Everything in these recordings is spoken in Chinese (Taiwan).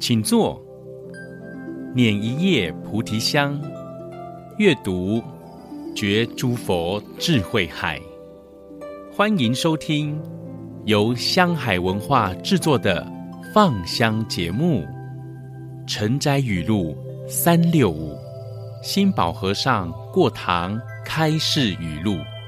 請坐，捻一葉菩提香，閱讀覺諸佛智慧海。歡迎收聽由香海文化製作的放香節目《晨齋語錄》三六五，心保和尚過堂開示語錄。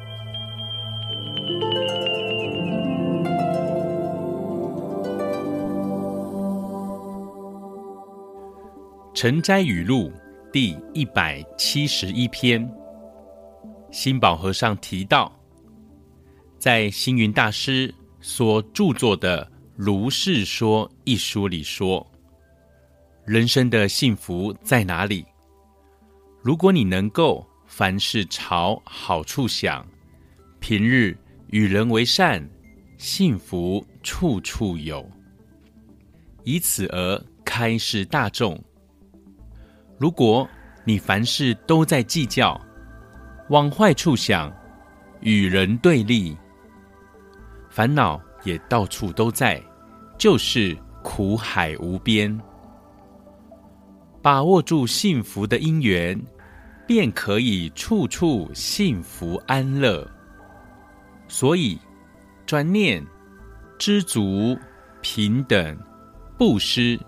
《晨齋語錄》第一百七十一篇，心保和尚提到，在星雲大師所著作的《如是說》一書裡說，人生的幸福在哪裡？如果你能夠凡事朝好處想，平日與人為善，幸福處處有。以此而開示大眾。如果你凡事都在計較，往壞處想，與人對立，煩惱也到處都在，就是苦海無邊。把握住幸福的因緣，便可以處處幸福安樂。所以，轉念、知足、平等、布施，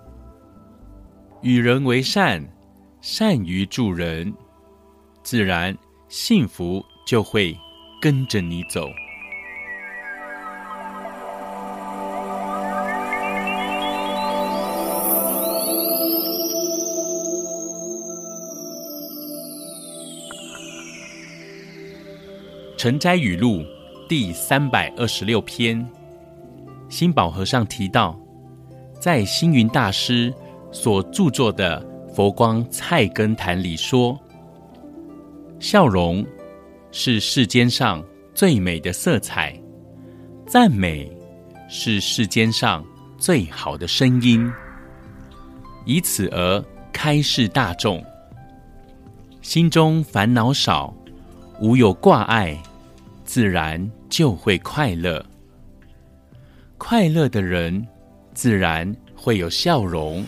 與人為善。善於助人，自然幸福就會跟着你走。晨齋語錄第三百二十六篇，心保和尚提到，在星雲大師所著作的。佛光菜根譚裡說：“笑容是世間上最美的色彩，讚美是世間上最好的聲音。以此而開示大眾，心中煩惱少，無有掛礙，自然就會快樂。快樂的人，自然會有笑容，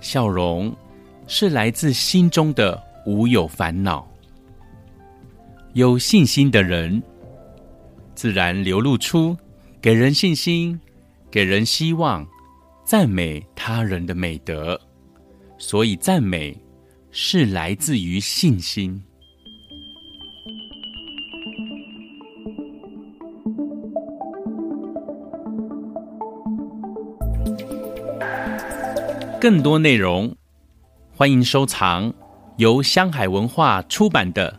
笑容。”是來自心中的無有煩惱，有信心的人，自然流露出給人信心、給人希望、讚美他人的美德。所以，讚美是來自於信心。更多內容。歡迎收藏由香海文化出版的《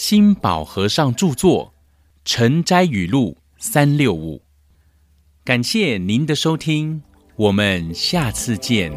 心保和尚著作·晨齋語錄》三六五。感謝您的收聽，我們下次見。